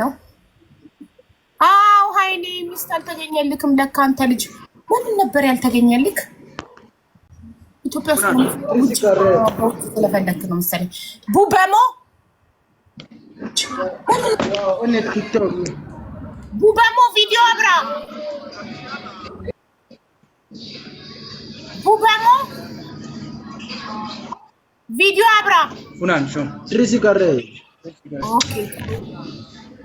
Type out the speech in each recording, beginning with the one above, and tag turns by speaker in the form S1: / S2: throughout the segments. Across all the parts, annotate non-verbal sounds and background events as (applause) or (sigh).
S1: ነው አዎ ሀይሌ ሚስት አልተገኘልክም ለካ አንተ ልጅ ምን ነበር ያልተገኘልክ ኢትዮጵያ ውስጥ ስለፈለክ ነው መሰለኝ ቡበሞ ቡበሞ ቪዲዮ አብራ ቡበሞ ቪዲዮ አብራ
S2: ሁናን ድሪሲ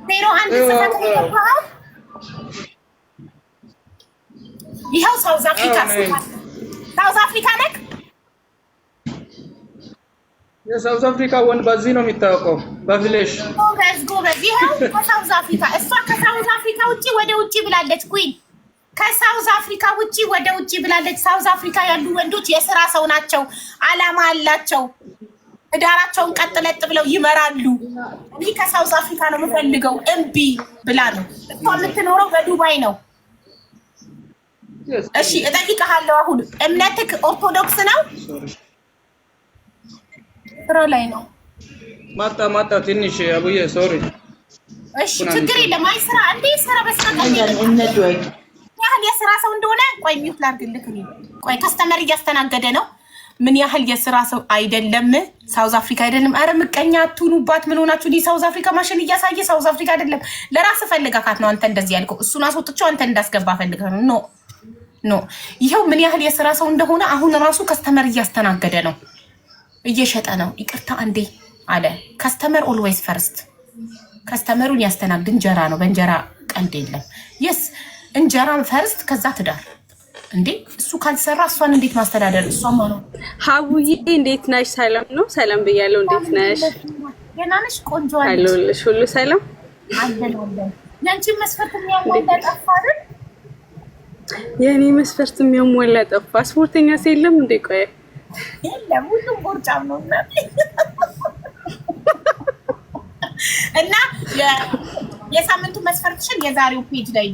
S1: ዜሮ አንድ ጽፈት ይኸው ሳውዝ አፍሪካ ሳውዝ አፍሪካ ነክ
S2: የሳውዝ አፍሪካ ወንድ በዚህ ነው የሚታወቀው፣ በፍሌሽ
S1: ጎበዝ ጎበዝ። ይኸው ከሳውዝ አፍሪካ እሷ ከሳውዝ አፍሪካ ውጭ ወደ ውጭ ብላለች። ኩን ከሳውዝ አፍሪካ ውጭ ወደ ውጭ ብላለች። ሳውዝ አፍሪካ ያሉ ወንዶች የስራ ሰው ናቸው፣ አላማ አላቸው። እዳራቸውን ህዳራቸውን ቀጥለጥ ብለው ይመራሉ። እኔ ከሳውዝ አፍሪካ ነው የምፈልገው እምቢ ብላ ነው እኮ የምትኖረው በዱባይ ነው። እሺ እጠይቅሃለሁ፣ አሁን እምነትክ ኦርቶዶክስ ነው? ስራ ላይ ነው።
S2: ማጣ ማጣ ትንሽ አቡዬ ሶሪ።
S1: እሺ ችግር የለም። አይ ስራ እንዴ ስራ በስተቀኝ ያህል የስራ ሰው እንደሆነ ቆይ ሚውት ላድርግልህ። ቆይ ከስተመር እያስተናገደ ነው ምን ያህል የስራ ሰው አይደለም። ሳውዝ አፍሪካ አይደለም። አረ ምቀኛ አትሁኑባት። ምን ሆናችሁ? ሳውዝ አፍሪካ ማሽን እያሳየ ሳውዝ አፍሪካ አይደለም። ለራስ ፈልጋካት ነው አንተ እንደዚህ ያልከው። እሱን አስወጥቼው አንተ እንዳስገባ ፈልገ ነው። ኖ ኖ። ይኸው ምን ያህል የስራ ሰው እንደሆነ አሁን ራሱ ከስተመር እያስተናገደ ነው፣ እየሸጠ ነው። ይቅርታ አንዴ አለ ከስተመር ኦልዌይስ ፈርስት ከስተመሩን ያስተናግድ። እንጀራ ነው፣ በእንጀራ ቀልድ የለም። የስ እንጀራን ፈርስት፣ ከዛ ትዳር እንዴ እሱ ካልሰራ እሷን እንዴት ማስተዳደር? እሷማ ነው።
S3: ሀቡዬ እንዴት ነሽ? ሰላም ነው። ሰላም ብያለሁ። እንዴት ነሽ?
S1: ገና ነሽ? ቆንጆ
S3: አለሁልሽ። ሁሉ ሰላም
S1: አለን ያንቺን መስፈርት የሚያሟላ ጠፋ
S3: የእኔ መስፈርት የሚያሟላ ጠፋ። ስፖርተኛ ሰው የለም እንዴ? ቆይ
S1: የለም፣ ሁሉም ጎርጫም ነው እና (laughs) የሳምንቱ መስፈርትሽን የዛሬው ፔጅ ላይ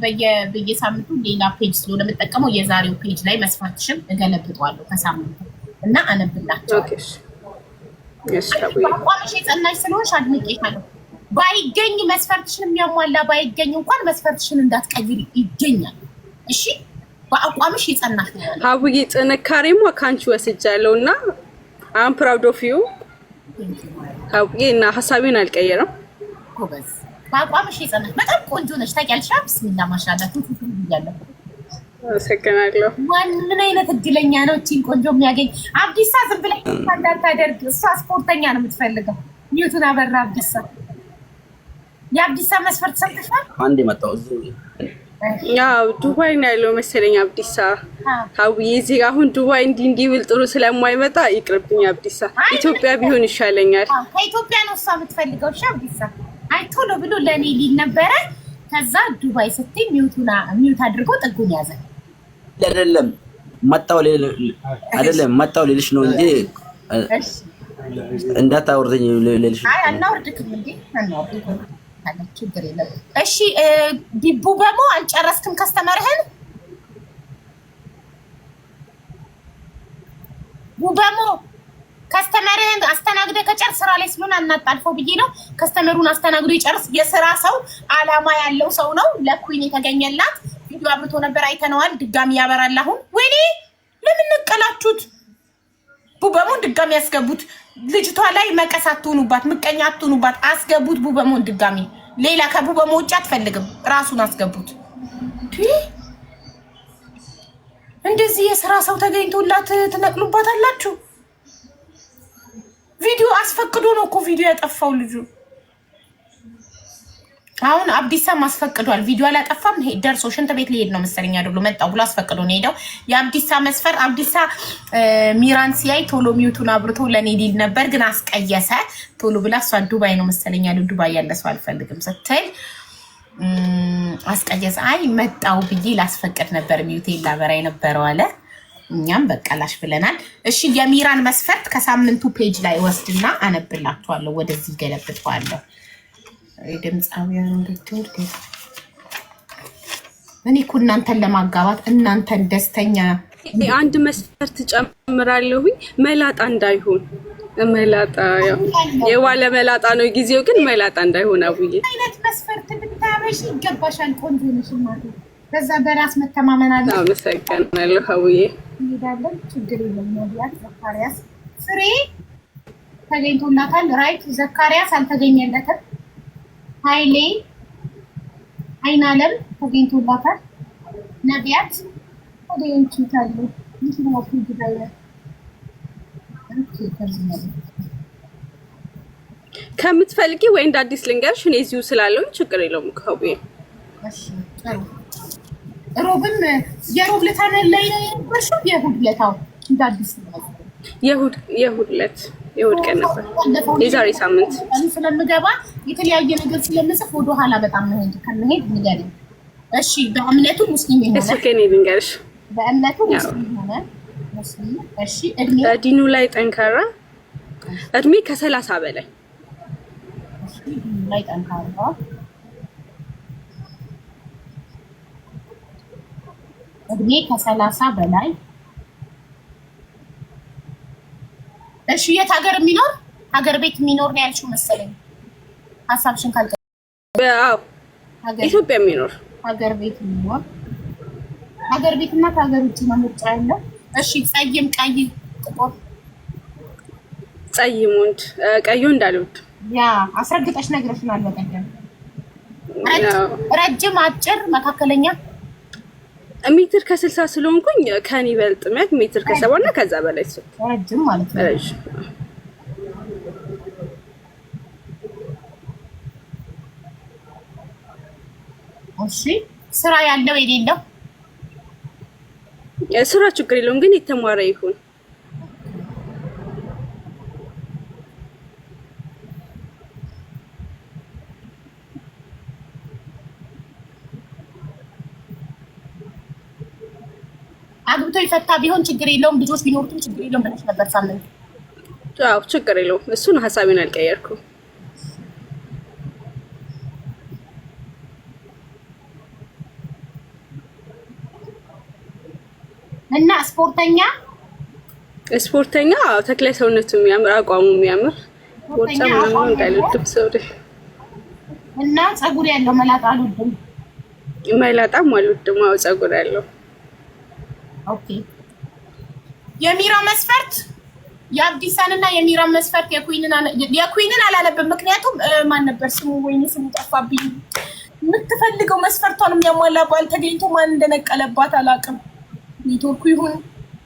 S1: በየሳምንቱ ሌላ ፔጅ ስለሆነ የምጠቀመው የዛሬው ፔጅ ላይ መስፈርትሽን እገለብጠዋለሁ ከሳምንቱ እና አነብላቸዋለሁ። አቋምሽ የጸናሽ ስለሆንሽ አድንቄሻለሁ። ባይገኝ መስፈርትሽን የሚያሟላ ባይገኝ እንኳን መስፈርትሽን እንዳትቀይር ይገኛል። እሺ በአቋምሽ የጸናሽ ነው ያለው።
S3: አቡዬ ጥንካሬማ ከአንቺ ወስጃለሁ እና አም ፕራውድ ኦፍ ዩ አቡዬ እና ሀሳቤን አልቀየረም።
S1: በአቋምሽ የጸናሽ በጣም ቆንጆ ነሽ። ታውቂያለሽ። ብስሚላ ያለው
S3: አመሰግናለሁ።
S1: ምን አይነት እድለኛ ነው እቺን ቆንጆ የሚያገኝ። አብዲሳ ዝም እንዳታደርግ፣ እሷ ስፖርተኛ ነው የምትፈልገው። ኒውቱን አበራ አብዲሳ፣ የአብዲሳ መስፈርት ሰምተሻል?
S2: አንድ የመጣው
S3: ያው ዱባይ ነው ያለው መሰለኝ አብዲሳ። አውዬ እዚህ አሁን ዱባይ እንዲህ እንዲህ ብል ጥሩ ስለማይመጣ ይቅርብኝ አብዲሳ። ኢትዮጵያ ቢሆን ይሻለኛል።
S1: ከኢትዮጵያ ነው እሷ የምትፈልገው። እሺ አብዲሳ አይቶ ነው ብሎ ለእኔ ሊል ነበረ። ከዛ ዱባይ ስትይ ሚውት አድርጎ ጥጉን ያዘ።
S2: አይደለም መጣው ሌልሽ ነው እንጂ እንዳታወርደኝ ሌልሽ
S1: እናወርድክም እንዴ? እሺ ዲቡ በሞ አልጨረስክም ራሳቸውን አናጣልፈው ብዬ ነው። ከስተመሩን አስተናግዶ ይጨርስ። የስራ ሰው አላማ ያለው ሰው ነው። ለኩን የተገኘላት ቪዲዮ አብርቶ ነበር፣ አይተነዋል። ድጋሚ ያበራል። አሁን ወይኔ ለምን ነቀላችሁት? ቡበሞን ድጋሚ ያስገቡት። ልጅቷ ላይ መቀስ አትሆኑባት፣ ምቀኛ አትሆኑባት። አስገቡት ቡበሞን ድጋሚ። ሌላ ከቡበሞ ውጭ አትፈልግም። ራሱን አስገቡት። እንደዚህ የስራ ሰው ተገኝቶላት ትነቅሉባት አላችሁ። ቪዲዮ አስፈቅዶ ነው እኮ ቪዲዮ ያጠፋው ልጁ። አሁን አብዲሳም አስፈቅዷል። ቪዲዮ አላጠፋም። ደርሶ ሽንት ቤት ሊሄድ ነው መሰለኝ ብሎ መጣው ብሎ አስፈቅዶ ነው ሄደው። የአብዲሳ መስፈር አብዲሳ ሚራን ሲያይ ቶሎ ሚውቱን አብርቶ ለእኔ ሊል ነበር፣ ግን አስቀየሰ። ቶሎ ብላ እሷ ዱባይ ነው መሰለኝ ያሉ ዱባይ ያለ ሰው አልፈልግም ስትል አስቀየሰ። አይ መጣው ብዬ ላስፈቅድ ነበር ሚውቴ ላበራ የነበረው አለ እኛም በቀላሽ ብለናል። እሺ የሚራን መስፈርት ከሳምንቱ ፔጅ ላይ ወስድና አነብላችኋለሁ። ወደዚህ ገለብጠዋለሁ። ድምፃዊያን ውድድር እኔ እኮ እናንተን ለማጋባት እናንተን ደስተኛ
S3: አንድ መስፈርት ጨምራለሁ። መላጣ እንዳይሆን መላጣ የዋለ መላጣ ነው ጊዜው፣ ግን መላጣ እንዳይሆን አቡዬ
S1: አይነት መስፈርት ብታበሽ ይገባሻል። ቆንጆ ነሽ። ከዛ በራስ መተማመን አለ።
S3: አመሰግናለሁ ሀውዬ።
S1: እንሄዳለን፣ ችግር የለም። ነቢያት ዘካርያስ ፍሬ ተገኝቶላታል። ራይት ዘካርያስ አልተገኘለትም። ሀይሌ አይናለም ተገኝቶላታል። ነቢያት ተገኝችታሉ። ምክንያቱ ግዳለ
S3: ከምትፈልጊ ወይ እንደ አዲስ ልንገርሽ፣ እኔ እዚሁ ስላለሁኝ ችግር የለውም ሀውዬ።
S1: ሮብም የሮብ ለታ ላይ ነው የሁድ ለታው እንደ አዲስ
S3: ነው የእሑድ የሁድ ዕለት የእሑድ ቀን ነበር የዛሬ ሳምንት
S1: ስለምገባ የተለያየ ነገር ስለምጽፍ ኋላ በጣም ነው እንጂ ከምሄድ ንገሪኝ። እሺ በእምነቱ ሙስሊም የሆነ
S3: እሺ፣ ከኔ ልንገርሽ፣
S1: በእምነቱ ሙስሊም የሆነ ሙስሊም
S3: እሺ፣ እድሜ በዲኑ ላይ ጠንካራ እድሜ ከሰላሳ በላይ ላይ ጠንካራ
S1: እድሜ ከሰላሳ በላይ እሺ፣ የት ሀገር የሚኖር ሀገር ቤት የሚኖር ነው ያልሽው መሰለኝ። ሀሳብሽን ካልቀ
S3: ኢትዮጵያ የሚኖር
S1: ሀገር ቤት የሚኖር ሀገር ቤት እና ከሀገር ውጭ ነው ያለው። እሺ፣ ፀይም፣ ቀይ፣ ጥቁር?
S3: ፀይም ወንድ፣ ቀዩ እንዳልወድ
S1: ያ አስረግጠሽ ነግረሽናል በቀደም። ረጅም፣ አጭር፣ መካከለኛ
S3: ሜትር ከስልሳ ስለሆንኩኝ ከኔ ይበልጥ ማለት ሜትር ከሰባ እና ከዛ በላይ ስል ረጅም ማለት ነው። ረጅም
S1: እሺ። ስራ ያለው የሌለው
S3: ስራ ችግር የለውም፣ ግን የተማረ ይሁን
S1: አግብቶ ይፈታ ቢሆን ችግር የለውም፣ ልጆች ቢኖሩትም ችግር የለውም ብለሽ ነበር ሳምንት።
S3: አዎ ችግር የለውም እሱን ሀሳቢን አልቀየርኩም።
S1: እና ስፖርተኛ
S3: ስፖርተኛ ተክላይ ሰውነቱ የሚያምር አቋሙ የሚያምር ወርጫ ምናምን እንዳልልም ሰው
S1: እና ፀጉር ያለው መላጣ አልወድም፣
S3: መላጣም አልወድም። አዎ ፀጉር ያለው
S1: ኦኬ የሚራ መስፈርት የአብዲሳን እና የሚራን መስፈርት የኩዊንን አላለብን። ምክንያቱም ማን ነበር ስሙ? ወይኔ ስሙ ጠፋብኝ። የምትፈልገው መስፈርቷን የሚያሟላ ባል ተገኝቶ ማን እንደነቀለባት አላውቅም። ኔትወርኩ ይሁን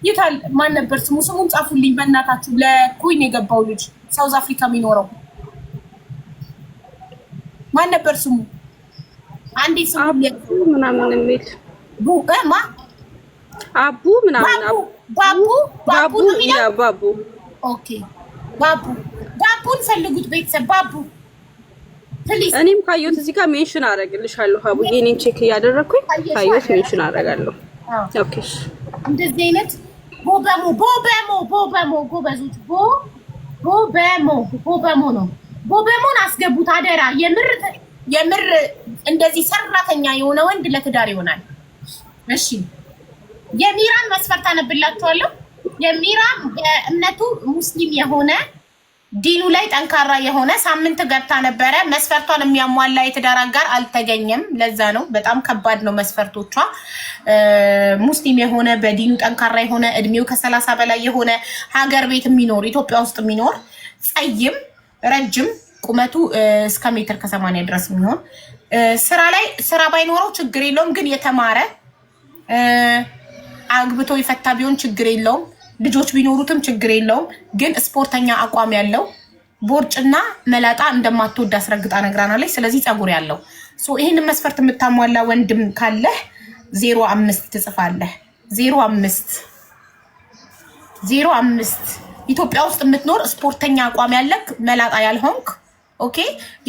S1: ይታል። ማን ነበር ስሙ? ስሙን ጻፉልኝ በእናታችሁ። ለኩዊን የገባው ልጅ ሳውዝ አፍሪካ የሚኖረው ማን ነበር ስሙ? አንዴ ስሙ ምናምን የሚል ማ
S3: አቡ ምናምን ባቡ
S1: ኦኬ ባቡ ባቡን ፈልጉት ቤተሰብ ባቡ
S3: እኔም ካየሁት እዚህ ጋር ሜንሽን አደርግልሻለሁ። አቡ የኔን ቼክ እያደረግኩኝ ካየሁት ሜንሽን አደርጋለሁ። ኦኬ
S1: እንደዚህ አይነት በሞ ቦበሞ በሞ ጎበዞች ቦ ቦበሞ ቦበሞ ነው። ቦበሞን አስገቡት አደራ። የምር የምር እንደዚህ ሰራተኛ የሆነ ወንድ ለትዳር ይሆናል። እሺ የሚራን መስፈርት አነብላችኋለሁ። የሚራን በእምነቱ ሙስሊም የሆነ ዲኑ ላይ ጠንካራ የሆነ ሳምንት ገብታ ነበረ። መስፈርቷን የሚያሟላ የትዳር አጋር አልተገኘም። ለዛ ነው በጣም ከባድ ነው መስፈርቶቿ። ሙስሊም የሆነ በዲኑ ጠንካራ የሆነ እድሜው ከሰላሳ በላይ የሆነ ሀገር ቤት የሚኖር ኢትዮጵያ ውስጥ የሚኖር ጸይም፣ ረጅም ቁመቱ እስከ ሜትር ከሰማንያ ድረስ የሚሆን ስራ ላይ ስራ ባይኖረው ችግር የለውም ግን የተማረ አግብቶ ይፈታ ቢሆን ችግር የለውም። ልጆች ቢኖሩትም ችግር የለውም። ግን ስፖርተኛ አቋም ያለው ቦርጭና መላጣ እንደማትወድ አስረግጣ ነግራናለች። ስለዚህ ፀጉር ያለው ይህንን መስፈርት የምታሟላ ወንድም ካለህ ዜሮ አምስት ትጽፋለህ። ዜሮ አምስት ዜሮ አምስት ኢትዮጵያ ውስጥ የምትኖር ስፖርተኛ አቋም ያለክ መላጣ ያልሆንክ ኦኬ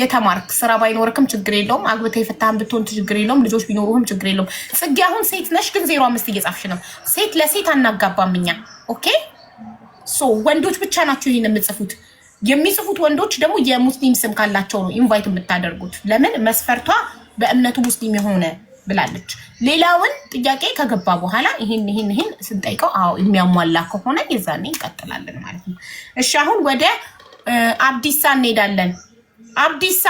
S1: የተማርክ ስራ ባይኖርክም ችግር የለውም። አግብተህ የፈታህን ብትሆን ችግር የለውም። ልጆች ቢኖሩህም ችግር የለውም። ጽጌ አሁን ሴት ነሽ፣ ግን ዜሮ አምስት እየጻፍሽ ነው። ሴት ለሴት አናጋባም እኛ። ኦኬ ሶ ወንዶች ብቻ ናቸው ይህን የምጽፉት። የሚጽፉት ወንዶች ደግሞ የሙስሊም ስም ካላቸው ነው ኢንቫይት የምታደርጉት። ለምን መስፈርቷ በእምነቱ ሙስሊም የሆነ ብላለች። ሌላውን ጥያቄ ከገባ በኋላ ይህን ይህን ይህን ስንጠይቀው አዎ የሚያሟላ ከሆነ የዛኔ እንቀጥላለን ማለት ነው። እሺ አሁን ወደ አብዲሳ እንሄዳለን። አብዲሳ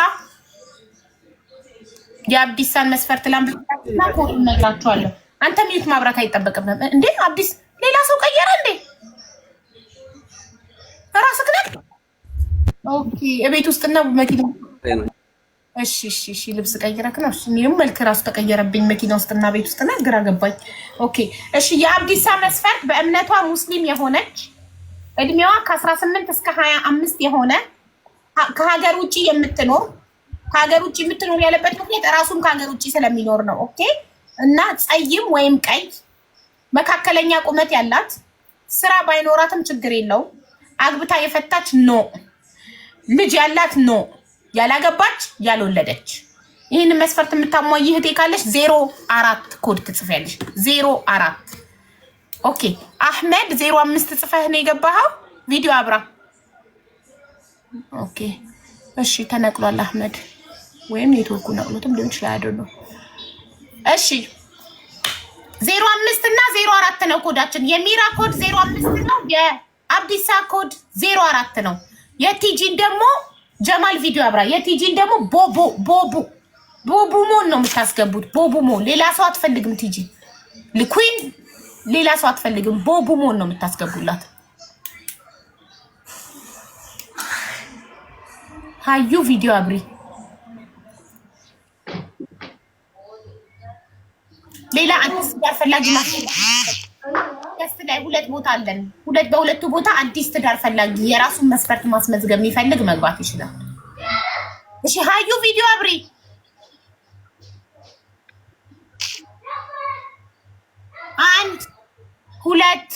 S1: የአብዲሳን መስፈርት ላምብና አንተ ሚዩት ማብራት አይጠበቅብም እንዴ? አብዲስ ሌላ ሰው ቀየረ እንዴ? ኦኬ፣ እቤት ውስጥና መኪና እሺ፣ እሺ፣ እሺ። ልብስ ቀይረክ ነው? እኔም መልክ ራሱ ተቀየረብኝ መኪና ውስጥና ቤት ውስጥና ግራ ገባኝ። ኦኬ፣ እሺ። የአብዲሳ መስፈርት በእምነቷ ሙስሊም የሆነች እድሜዋ ከ18 እስከ የሆነ ከሀገር ውጭ የምትኖር ከሀገር ውጭ የምትኖር ያለበት ምክንያት እራሱም ከሀገር ውጭ ስለሚኖር ነው። ኦኬ እና ጸይም ወይም ቀይ መካከለኛ ቁመት ያላት ስራ ባይኖራትም ችግር የለው አግብታ የፈታች ኖ፣ ልጅ ያላት ኖ፣ ያላገባች ያልወለደች። ይህን መስፈርት የምታሟይ እህቴ ካለች ዜሮ አራት ኮድ ትጽፊያለሽ። ዜሮ አራት ኦኬ። አህመድ ዜሮ አምስት ጽፈህ ነው የገባኸው ቪዲዮ አብራ ኦኬ እሺ፣ ተነቅሏል። አህመድ ወይም ኔትወርኩ ነቅሎትም ሊሆን ይችላል። አይደሉ? እሺ፣ ዜሮ አምስት እና ዜሮ አራት ነው ኮዳችን። የሚራ ኮድ ዜሮ አምስት ነው። የአብዲሳ ኮድ ዜሮ አራት ነው። የቲጂን ደግሞ ጀማል ቪዲዮ አብራ። የቲጂን ደግሞ ቦቦ ቦቡ ቦቡ ሞን ነው የምታስገቡት። ቦቡ ሞን ሌላ ሰው አትፈልግም። ቲጂ ልኩን ሌላ ሰው አትፈልግም። ቦቡ ሞን ነው የምታስገቡላት። ሀዩ ቪዲዮ አብሪ። ሌላ አዲስ ትዳር ፈላጊ ላይ ሁለት ቦታ አለን። ሁለት በሁለቱ ቦታ አዲስ ትዳር ፈላጊ የራሱን መስፈርት ማስመዝገብ የሚፈልግ መግባት ይችላል። እሺ ሀዩ ቪዲዮ አብሪ። አንድ ሁለት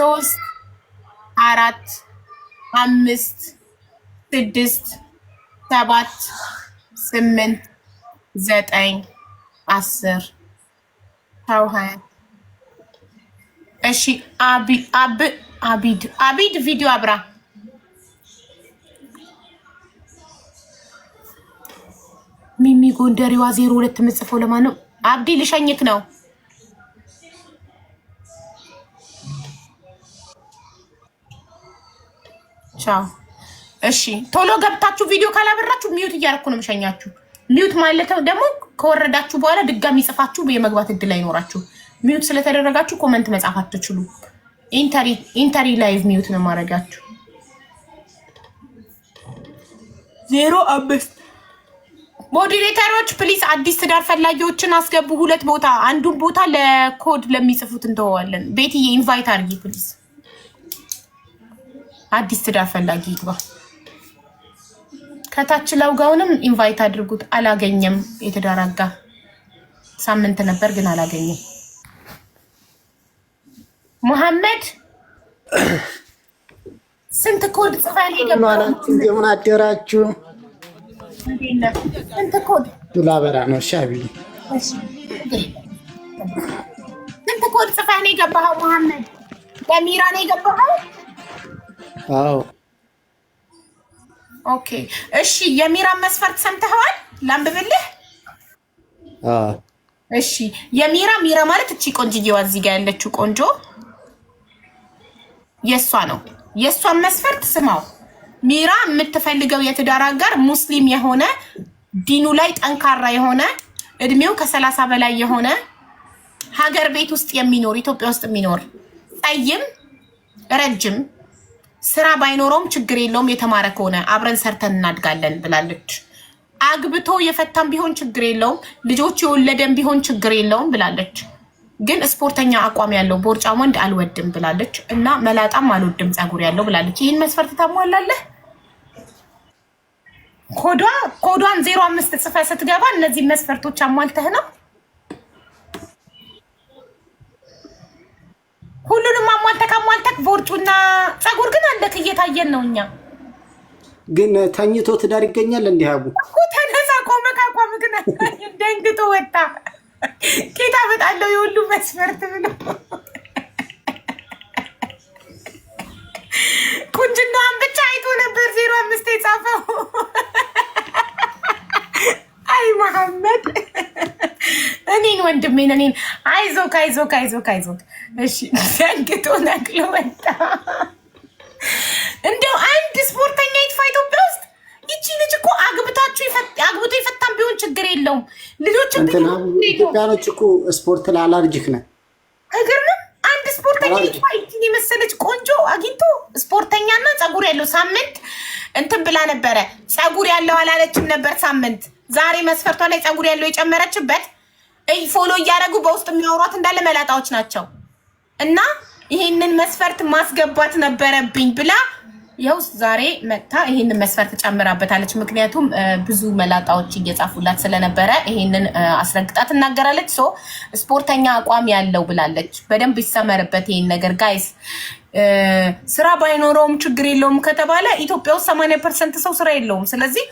S1: ሶስት አራት አምስት ስድስት ሰባት ስምንት ዘጠኝ አስር እሺ አቢ አብ አቢድ አቢድ ቪዲዮ አብራ ሚሚ ጎንደሪዋ ዜሮ ሁለት የምጽፈው ለማን ነው? አብዲ ልሸኝክ ነው። ቻው እሺ ቶሎ ገብታችሁ ቪዲዮ ካላበራችሁ ሚዩት እያደረኩ ነው የምሸኛችሁ። ሚዩት ማለት ደግሞ ከወረዳችሁ በኋላ ድጋሚ ጽፋችሁ የመግባት እድል አይኖራችሁ። ሚዩት ስለተደረጋችሁ ኮመንት መጻፍ አትችሉ። ኢንተሪ ላይቭ ሚዩት ነው ማድረጋችሁ። ዜሮ አምስት ሞዲሬተሮች ፕሊስ አዲስ ትዳር ፈላጊዎችን አስገቡ። ሁለት ቦታ አንዱን ቦታ ለኮድ ለሚጽፉት እንተዋዋለን። ቤትዬ ኢንቫይት አድርጊ ፕሊስ። አዲስ ትዳር ፈላጊ ይግባ። ከታች ለውጋውንም ኢንቫይት አድርጉት። አላገኘም። የተዳራጋ ሳምንት ነበር ግን አላገኘም። ሙሐመድ ስንት ኮድ ጽፋል? ምን አደራችሁ? ስንት ኮድ
S2: ዱላበራ ነው? ሻቢ
S1: ስንት ኮድ ጽፋ ነው የገባኸው? ሙሐመድ ለሚራ ነው የገባኸው? አዎ ኦኬ እሺ፣ የሚራን መስፈርት ሰምተኸዋል? ላንብብልህ። እሺ፣ የሚራ ሚራ ማለት እቺ ቆንጅዬዋ እዚህ ጋር ያለችው ቆንጆ የእሷ ነው። የእሷን መስፈርት ስማው። ሚራ የምትፈልገው የትዳር አጋር ሙስሊም የሆነ ዲኑ ላይ ጠንካራ የሆነ እድሜው ከሰላሳ በላይ የሆነ ሀገር ቤት ውስጥ የሚኖር ኢትዮጵያ ውስጥ የሚኖር ጠይም ረጅም ስራ ባይኖረውም ችግር የለውም የተማረ ከሆነ አብረን ሰርተን እናድጋለን ብላለች። አግብቶ የፈታም ቢሆን ችግር የለውም ልጆች የወለደም ቢሆን ችግር የለውም ብላለች። ግን ስፖርተኛ አቋም ያለው ቦርጫ ወንድ አልወድም ብላለች እና መላጣም አልወድም ፀጉር ያለው ብላለች። ይህን መስፈርት ታሟላለህ? ኮዷ ኮዷን ዜሮ አምስት ጽፈ ስትገባ እነዚህ መስፈርቶች አሟልተህ ነው እየታየን ነው። እኛ
S2: ግን ተኝቶ ትዳር ይገኛል። እንዲህ አቡ
S1: ተነሳ፣ ቆመ፣ ካቆመ ግን ደንግጦ ወጣ። ጌታ በጣለው የሁሉ መስፈርት ብሎ ቁንጅናዋን ብቻ አይቶ ነበር ዜሮ አምስት የጻፈው። አይ መሐመድ እኔን ወንድሜን እኔን አይዞክ አይዞክ አይዞክ አይዞክ። እሺ ደንግጦ ነቅሎ ወጣ። የለውም።
S2: ልጆች ኢትዮጵያኖች እኮ ስፖርት ላይ አላርጂክ ነን።
S1: እግር ነው አንድ ስፖርተኛ የመሰለች ቆንጆ አግኝቶ ስፖርተኛና ፀጉር ያለው ሳምንት እንትን ብላ ነበረ። ፀጉር ያለው አላለችም ነበር ሳምንት። ዛሬ መስፈርቷ ላይ ፀጉር ያለው የጨመረችበት ፎሎ እያደረጉ በውስጥ የሚያወሯት እንዳለ መላጣዎች ናቸው። እና ይህንን መስፈርት ማስገባት ነበረብኝ ብላ የውስ ዛሬ መታ ይህንን መስፈርት ጨምራበታለች። ምክንያቱም ብዙ መላጣዎች እየጻፉላት ስለነበረ ይህንን አስረግጣ ትናገራለች። ሶ ስፖርተኛ አቋም ያለው ብላለች። በደንብ ይሰመርበት ይህን ነገር ጋይስ። ስራ ባይኖረውም ችግር የለውም ከተባለ ኢትዮጵያ ውስጥ ሰማንያ ፐርሰንት ሰው ስራ የለውም። ስለዚህ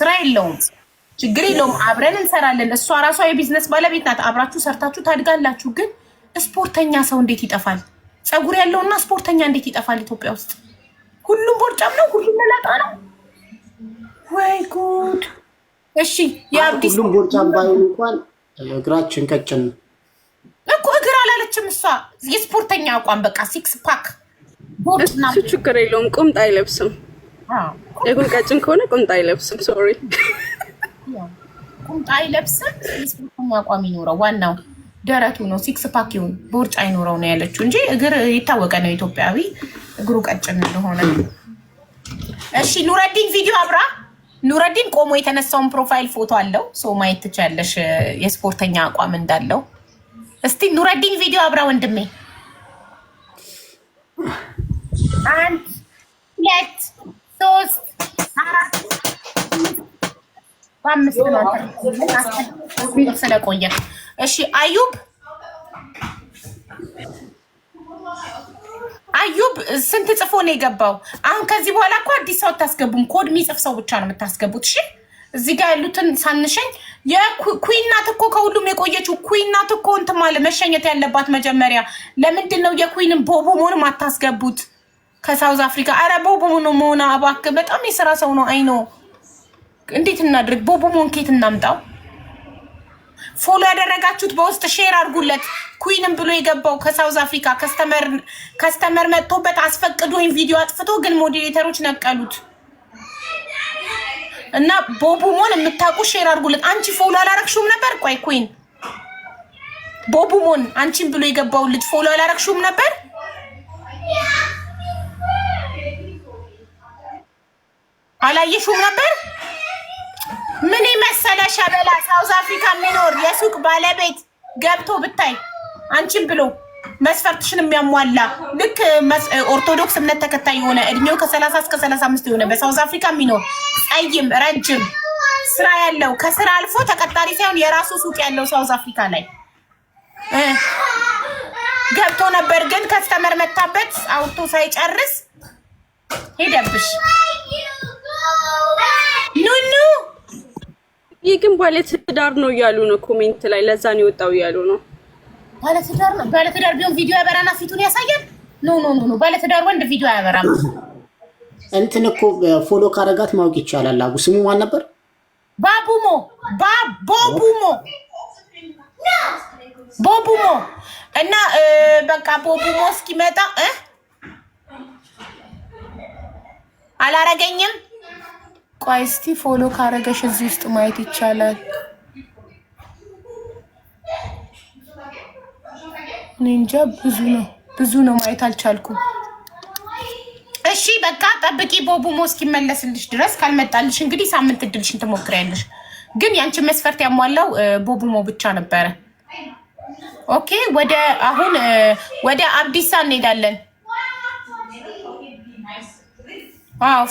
S1: ስራ የለውም ችግር የለውም፣ አብረን እንሰራለን። እሷ ራሷ የቢዝነስ ባለቤት ናት። አብራችሁ ሰርታችሁ ታድጋላችሁ። ግን ስፖርተኛ ሰው እንዴት ይጠፋል? ፀጉር ያለውና ስፖርተኛ እንዴት ይጠፋል ኢትዮጵያ ውስጥ? ሁሉም ቦርጫም ነው፣ ሁሉም መላጣ ነው። ወይ ጉድ! እሺ
S2: የአብዲስ ሁሉም ቦርጫም ባይሆን እንኳን እግራችን ቀጭን
S1: እኮ እግር አላለችም እሷ። የስፖርተኛ አቋም በቃ ሲክስ ፓክ
S3: እሱ ችግር የለውም። ቁምጣ አይለብስም። የጉን ቀጭን ከሆነ ቁምጣ አይለብስም። ሶሪ
S1: ቁምጣ አይለብስም። የስፖርተኛ አቋም ይኖረው ዋናው ደረቱ ነው። ሲክስ ፓክ ይሁን ቦርጫ አይኖረው ነው ያለችው እንጂ እግር የታወቀ ነው ኢትዮጵያዊ እግሩ ቀጭን እንደሆነ። እሺ ኑረዲን ቪዲዮ አብራ ኑረዲን ቆሞ የተነሳውን ፕሮፋይል ፎቶ አለው ሰው ማየት ትችያለሽ፣ የስፖርተኛ አቋም እንዳለው። እስቲ ኑረዲን ቪዲዮ አብራ ወንድሜ። አንድ ሁለት ሶስት አራት በአምስት ስለቆየ። እሺ አዩብ አዩብ ስንት ጽፎ ነው የገባው? አሁን ከዚህ በኋላ እኮ አዲስ ሰው አታስገቡም። ኮድ የሚጽፍ ሰው ብቻ ነው የምታስገቡት። እሺ እዚህ ጋር ያሉትን ሳንሸኝ የኩናት እኮ ከሁሉም የቆየችው ኩናት እኮ እንትን ማለት መሸኘት ያለባት መጀመሪያ። ለምንድን ነው የኩዊንን ቦቦ መሆንም አታስገቡት? ከሳውዝ አፍሪካ አረ ቦቦ ነው መሆና፣ እባክህ በጣም የስራ ሰው ነው አይኖ። እንዴት እናድርግ? ቦቦ መሆን ኬት እናምጣው? ፎሎ ያደረጋችሁት በውስጥ ሼር አድርጉለት። ኩዊንም ብሎ የገባው ከሳውዝ አፍሪካ ከስተመር መጥቶበት አስፈቅዶ ወይም ቪዲዮ አጥፍቶ ግን ሞዴሬተሮች ነቀሉት እና ቦቡሞን የምታውቁ ሼር አድርጉለት። አንቺ ፎሎ አላረግሽውም ነበር? ቆይ ኩዊን ቦቡሞን አንቺን ብሎ የገባው ልጅ ፎሎ አላረግሽውም ነበር? አላየሽውም ነበር? ምን ይመሰ ሸበላ ሳውዝ አፍሪካ የሚኖር የሱቅ ባለቤት ገብቶ ብታይ አንቺን ብሎ መስፈርትሽን የሚያሟላ ልክ ኦርቶዶክስ እምነት ተከታይ የሆነ እድሜው ከሰላሳ እስከ ሰላሳ አምስት የሆነ በሳውዝ አፍሪካ የሚኖር ጸይም፣ ረጅም፣ ስራ ያለው ከስራ አልፎ ተቀጣሪ ሳይሆን የራሱ ሱቅ ያለው ሳውዝ አፍሪካ ላይ ገብቶ ነበር። ግን ከስተመር መታበት አውቶ ሳይጨርስ ሄደብሽ ኑኑ
S3: ይህ ግን ባለትዳር ነው እያሉ ነው ኮሜንት ላይ። ለዛ ነው የወጣው እያሉ ነው።
S1: ባለትዳር ነው። ባለትዳር ቢሆን ቪዲዮ ያበራና ፊቱን ያሳያል። ኖ ኖ ኖ፣ ባለትዳር ወንድ ቪዲዮ አያበራም።
S2: እንትን እኮ ፎሎ ካረጋት ማወቅ ይቻላል። አጉ ስሙ ማን ነበር?
S1: ባቡሞ ባቦቡሞ ቦቡሞ እና በቃ ቦቡሞ እስኪመጣ አላረገኝም ቆይ እስቲ ፎሎ ካረገሽ እዚህ ውስጥ ማየት ይቻላል። እኔ እንጃ ብዙ ነው ብዙ ነው ማየት አልቻልኩም። እሺ በቃ ጠብቂ ቦቡሞ እስኪመለስልሽ ድረስ ካልመጣልሽ እንግዲህ ሳምንት እድልሽን ትሞክሪያለሽ። ግን ያንቺን መስፈርት ያሟላው ቦቡ ሞ ብቻ ነበረ። ኦኬ ወደ አሁን ወደ አብዲሳ እንሄዳለን።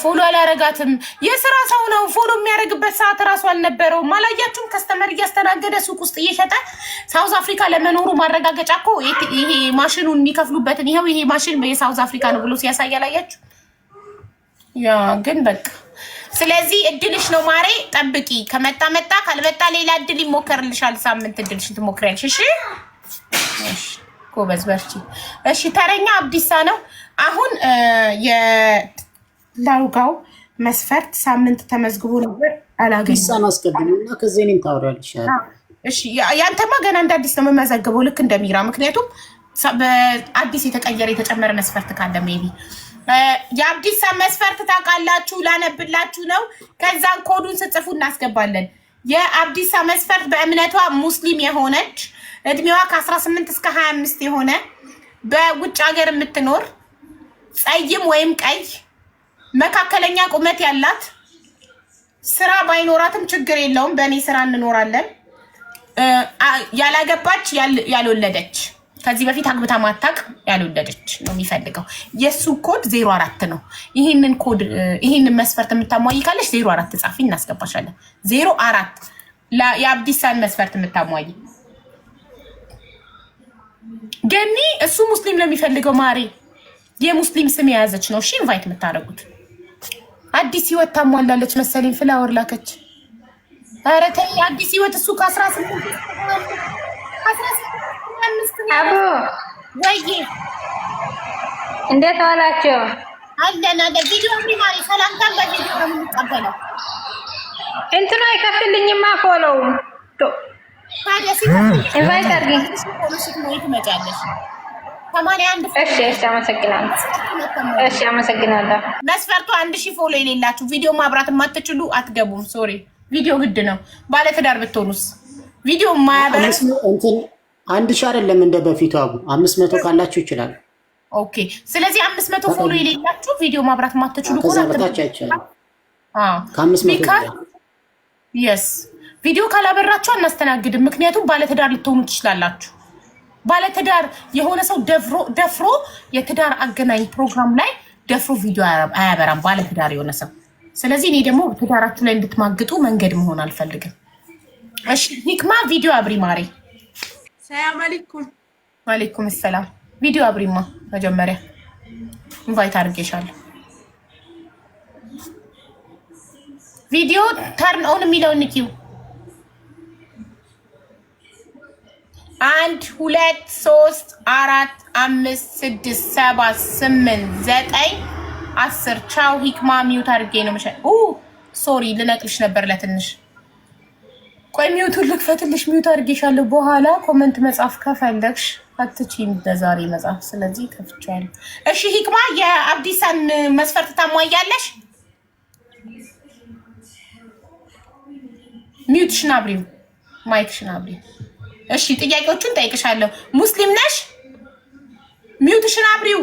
S1: ፎሎ አላረጋትም። የስራ ሰው ነው። ፎሎ የሚያደርግበት ሰዓት እራሱ አልነበረውም። አላያችሁም? ከስተመር እያስተናገደ ሱቅ ውስጥ እየሸጠ ሳውዝ አፍሪካ ለመኖሩ ማረጋገጫ እኮ ይሄ ማሽኑን የሚከፍሉበትን ይኸው ይሄ ማሽን የሳውዝ አፍሪካ ነው ብሎ ሲያሳይ አላያችሁ? ያ ግን በቃ ስለዚህ እድልሽ ነው ማሬ፣ ጠብቂ። ከመጣ መጣ፣ ካልመጣ ሌላ እድል ይሞከርልሻል። ሳምንት እድልሽን ትሞክሪያለሽ። እሺ ጎበዝ፣ በርቺ። እሺ ተረኛ አብዲሳ ነው አሁን ላውጋው መስፈርት ሳምንት ተመዝግቦ ነበር
S2: አላገኝም። አስቀድሚና ከዚህ እኔም ይሻላል።
S1: ያንተማ ገና እንደ አዲስ ነው የምመዘግበው ልክ እንደሚራ ምክንያቱም በአዲስ የተቀየረ የተጨመረ መስፈርት ካለ ቢ የአብዲሳ መስፈርት ታውቃላችሁ፣ ላነብላችሁ ነው። ከዛን ኮዱን ስጽፉ እናስገባለን። የአብዲሳ መስፈርት በእምነቷ ሙስሊም የሆነች እድሜዋ ከ18 እስከ 25 የሆነ በውጭ ሀገር የምትኖር ጸይም ወይም ቀይ መካከለኛ ቁመት ያላት ስራ ባይኖራትም ችግር የለውም። በእኔ ስራ እንኖራለን። ያላገባች ያልወለደች ከዚህ በፊት አግብታ ማታቅ ያልወለደች ነው የሚፈልገው። የእሱ ኮድ ዜሮ አራት ነው። ይህንን ኮድ ይህንን መስፈርት የምታሟይ ካለች ዜሮ አራት ጻፊ፣ እናስገባሻለን። ዜሮ አራት የአብዲሳን መስፈርት የምታሟይ ገኒ። እሱ ሙስሊም ነው የሚፈልገው ማሬ፣ የሙስሊም ስም የያዘች ነው። እሺ ኢንቫይት የምታደርጉት አዲስ ህይወት ታሟላለች መሰለኝ ፍላወር ላከች። ኧረ ተይ አዲስ ህይወት እሱ ከአስራ ስምንት አቦ ወይ
S3: እንዴት ዋላቸው
S1: አለን አለ ቪዲዮ ሰላምታን በቪዲዮ ነው የምንቀበለው። ፎሎው ታዲያ ኢንቫይት
S3: አመሰግናለሁ።
S1: መስፈርቱ አንድ ሺህ ፎሎ የሌላችሁ ቪዲዮ ማብራት የማትችሉ አትገቡም። ሶሪ ቪዲዮ ግድ ነው። ባለትዳር ብትሆኑስ ቪዲዮ ማያበራ አንድ ሺህ አይደለም እንደ በፊቱ አቡ አምስት መቶ ካላችሁ ይችላሉ ኦኬ ስለዚህ አምስት መቶ ፎሎ የሌላችሁ ቪዲዮ ማብራት የማትችሉ ቪዲዮ ካላበራችሁ አናስተናግድም። ምክንያቱም ባለትዳር ልትሆኑ ትችላላችሁ። ባለትዳር የሆነ ሰው ደፍሮ የትዳር አገናኝ ፕሮግራም ላይ ደፍሮ ቪዲዮ አያበራም፣ ባለትዳር የሆነ ሰው። ስለዚህ እኔ ደግሞ ትዳራችሁ ላይ እንድትማግጡ መንገድ መሆን አልፈልግም። እሺ ሂክማ ቪዲዮ አብሪ ማሬ።
S3: ሰላም አለይኩም።
S1: ዋሌኩም ሰላም። ቪዲዮ አብሪማ መጀመሪያ ኢንቫይት አድርጌሻለሁ። ቪዲዮ ተርን ኦን የሚለውን ንኪው አንድ ሁለት ሶስት አራት አምስት ስድስት ሰባት ስምንት ዘጠኝ አስር ቻው። ሂክማ ሚውት አድርጌ ነው ምሸ ሶሪ ልነቅልሽ ነበር ለትንሽ ቆይ ሚዩቱ ልክፈትልሽ። ሚዩት አድርጌሻለሁ። በኋላ ኮመንት መጻፍ ከፈለግሽ አትችይም በዛሬ መጻፍ። ስለዚህ ከፍቼዋለሁ። እሺ ሂክማ የአብዲሳን መስፈርት ታሟያለሽ? ሚዩትሽን አብሪው፣ ማይክሽን አብሪው። እሺ ጥያቄዎቹን ጠይቅሻለሁ። ሙስሊም ነሽ? ሚውትሽን አብሪው